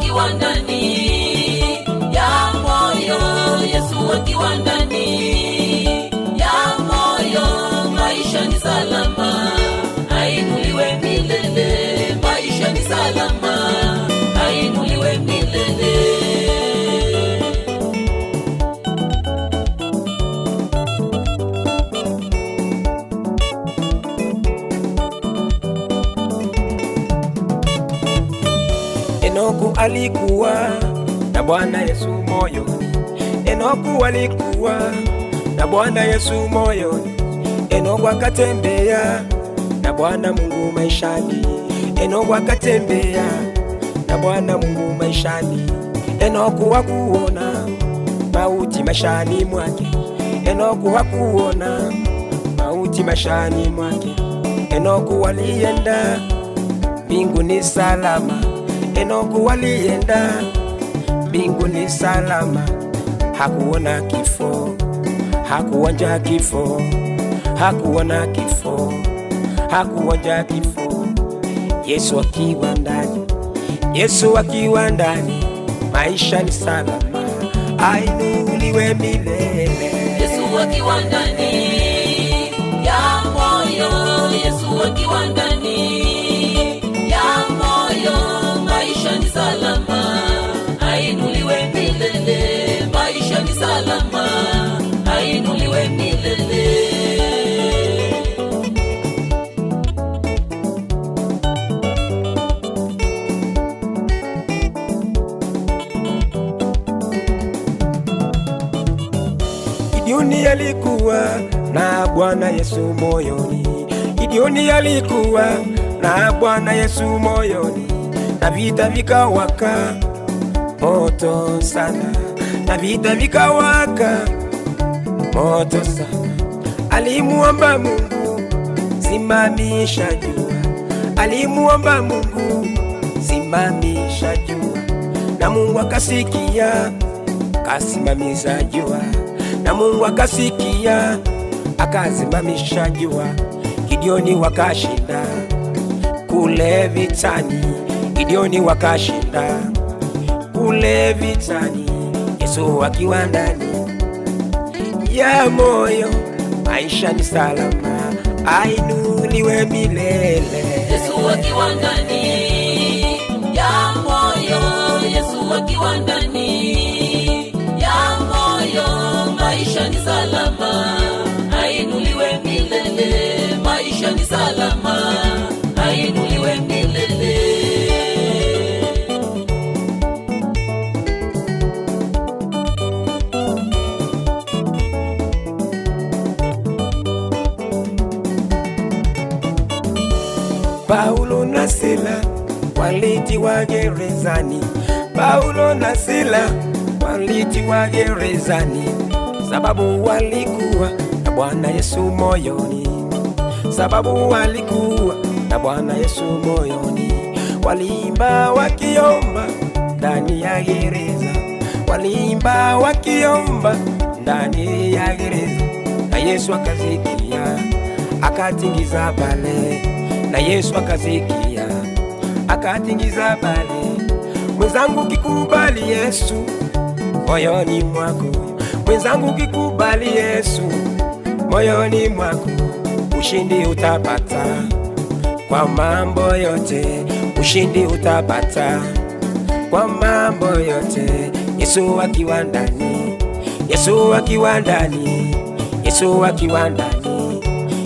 akiwa ndani ya moyo, Yesu akiwa ndani Enoku alikuwa na Bwana Yesu moyoni, Enoku alikuwa na Bwana Yesu moyo. Enoku akatembea na Bwana Mungu maishani, Enoku akatembea na Bwana Mungu maishani, Enoku hakuona mauti maishani mwake, Enoku hakuona mauti maishani mwake, Enoku alienda mbinguni salama. Enoku walienda mbinguni salama, hakuona kifo, hakuonja kifo, hakuona kifo, hakuonja kifo. Yesu akiwa ndani, Yesu akiwa ndani, maisha ni salama, ainuliwe milele. Yesu akiwa ndani ya moyo, Yesu akiwa ndani Gideoni alikuwa na Bwana Yesu moyoni, Gideoni alikuwa na Bwana Yesu moyoni, na vita vikawaka moto sana, na vita vikawaka moto sana. Alimuomba Mungu simamisha jua, alimuomba Mungu simamisha jua, na Mungu akasikia kasimamisha jua na Mungu akasikia akazimamisha jua. Gideoni wakashinda kule vitani, Gideoni wakashinda kule vitani, Yesu akiwa ndani ya moyo. Maisha ni salama, ainuliwe milele, Yesu akiwa ndani ya moyo, Yesu akiwa ndani Paulo na Sila walitiwa gerezani, Paulo na Sila walitiwa gerezani, sababu walikuwa na Bwana Yesu moyoni, sababu walikuwa na Bwana Yesu moyoni. Waliimba wakiomba ndani ya gereza, waliimba wakiomba ndani ya gereza, na Yesu akazikia akatingiza pale na Yesu akazikia akatingiza bali Mwenzangu kikubali Yesu moyoni mwako, mwenzangu kikubali Yesu moyoni mwako, ushindi utapata kwa mambo yote, ushindi utapata kwa mambo yote. Yesu akiwa ndani, Yesu akiwa ndani, Yesu akiwa ndani,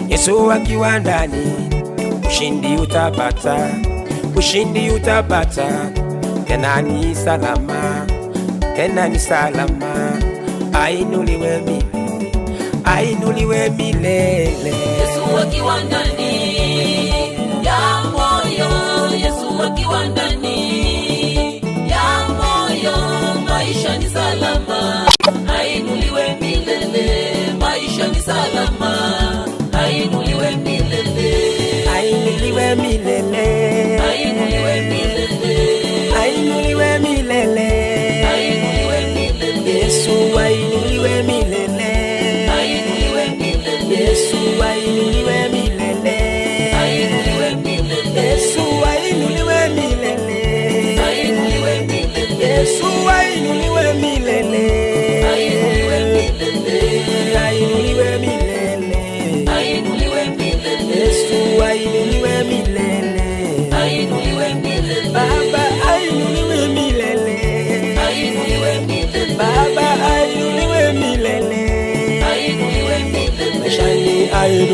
Yesu akiwa ndani ushindi utapata, ushindi utapata, tena ni salama, tena ni salama, ainuliwe milele, ainuliwe milele. Yesu akiwa ndani ya moyo, Yesu akiwa ndani ya moyo, maisha ni salama.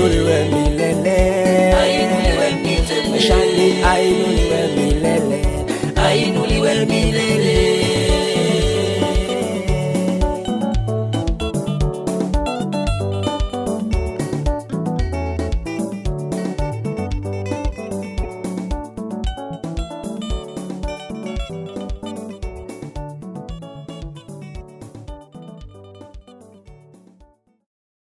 do